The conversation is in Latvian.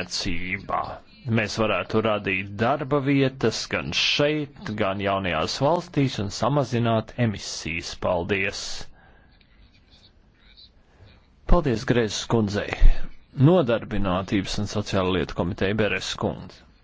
tirzniecībā. Mēs varētu radīt darba vietas gan šeit, gan jaunajās valstīs un samazināt emisijas. Paldies! Paldies, Grēzes kundzei! Nodarbinātības un sociāla lieta komiteja Beres kundze.